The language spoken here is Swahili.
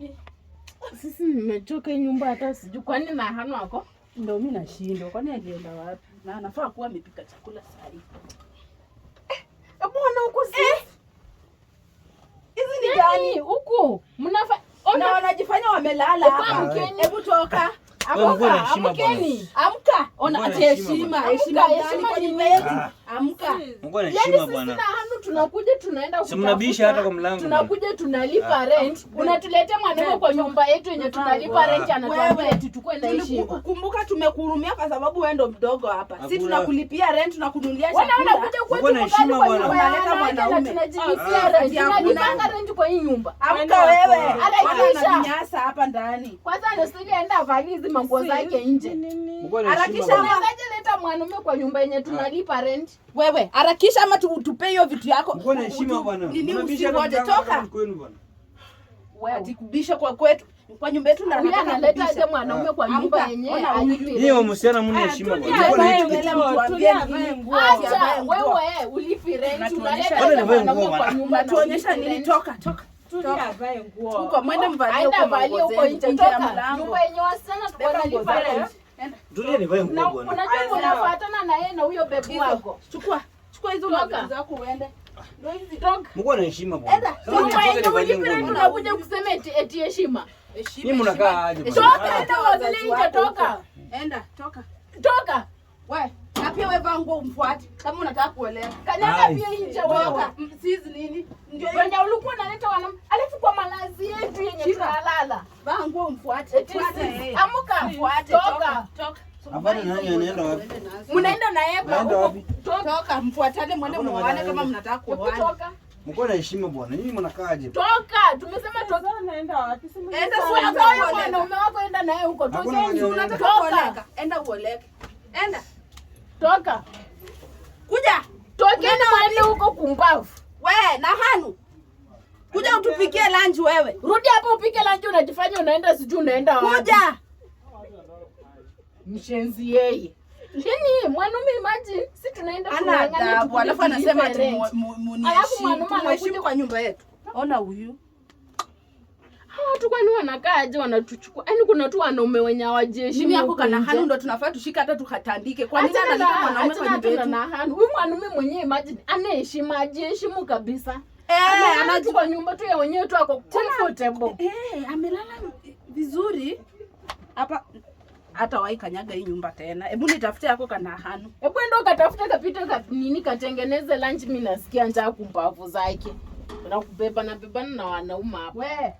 Sisi nimechoka nyumba hata sijui kwa nini Nahanu wako. Ndio mimi nashindwa. Kwani alienda wapi? Na anafaa kuwa amepika chakula saa hii. Hebu eh, eh, ona huko sisi. Eh? Hizi ni yaani gani huko? Mnafa na wanajifanya wamelala hapa. Hebu toka. Amka, amkeni. Amka. Ona ati heshima, heshima gani kwa nyumba yetu? Amka. Mungu anaheshima yaani bwana tunakuja tunaenda kutafuta. simnabisha hata kwa mlango, tunakuja tunalipa ah. rent, unatuletea mwanaume kwa nyumba yetu yenye tunalipa rent, anatuambia eti tukue ishi. Kumbuka tumekuhurumia kwa sababu wewe ndo mdogo hapa, Sisi tunakulipia rent, na kununulia chakula, Wewe unakuja kwetu kwa nyumba unaleta mwanaume, tunajilipia ah, rent, tunajipanga rent kwa hii nyumba. Amka wewe, Ana nyasa hapa ndani kwanza, ndio aenda avalie avalizi manguo zake nje, harakisha unaleta mwanaume kwa nyumba yenye ah. tunalipa rent. Wewe harakisha ama tupe hiyo vitu yako. Mbona heshima bwana? Nini usiwaje toka? Wewe atikubisha kwa kwetu. Kwa nyumba yetu na analeta aje mwanaume kwa nyumba yenye alipe. Hiyo msichana heshima bwana. Mbona hiyo mtu ambaye ni nguo wewe ulipi rent unaleta mwanaume kwa nyumba tuonyesha nini toka toka. Tuko mwende mvalie huko mavazi. Nyumba yenye wasichana tukona rent. Dunia ni wewe nguo Unajua unafuatana na yeye na huyo bebu wako. Chukua. Chukua hizo mabegi zako uende. Ah. Ndio hizi dog. Mungu na heshima bwana. Eda. Sasa wewe unakuja kusema eti heshima. Heshima. Mimi mnakaa aje Toka enda wazili nje toka. Enda toka. Toka. Wewe na pia wewe vaa nguo umfuate kama unataka kuelewa. Kanyaga pia nje wewe. Sisi mm, nini? Ndio wenye ulikuwa unaleta wanam. Alafu kwa malazi yetu yenye tunalala. Vaa nguo mfuate. Amuka mfuate. Toka. Toka. Mnaenda na yeye Toka mfuatane mwende muone kama mnataka kuoana. Mko na heshima bwana. Nyinyi mnakaaje? Toka. Tumesema toka. Anaenda wapi? Enda sio kwa mwanaume wako enda naye huko. Toka. Unataka kuoleka. Enda uoleke. Enda. Toka. Kuja. Toka. nikupikie lanji wewe. Rudi hapo upike lanji, unajifanya unaenda sijui unaenda wapi. Kuja. Mshenzi yeye. Yaani mwanaume imagine si tunaenda kuangana. Ana adabu, alafu anasema ati mheshimu kwa nyumba yetu. Ona huyu. Watu kwani wanakaa aje wanatuchukua? Yaani kuna tu wanaume wenye hawajiheshimu. Mimi hapo kana hanu ndo tunafaa tushika hata tukatandike. Kwa nini analeta mwanaume kwa nyumba yetu? Huyu mwanaume mwenyewe imagine ana heshima, hajiheshimu kabisa. Eh, anachukua nyumba tu ya wenyewe tu ako comfortable. Eh, amelala vizuri. Hapa hata waikanyaga hii nyumba tena. Hebu nitafute yako kana hanu. Hebu enda ukatafute kapita ka nini katengeneze lunch, mimi nasikia njaa kumbavu zake. Unakubeba na bebana na wanaume hapa. We.